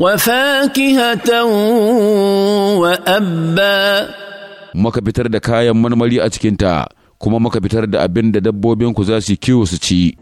وفاكهة وأبا maka fitar da kayan marmari a cikinta kuma maka fitar da abin da dabbobinku za su kiwo su ci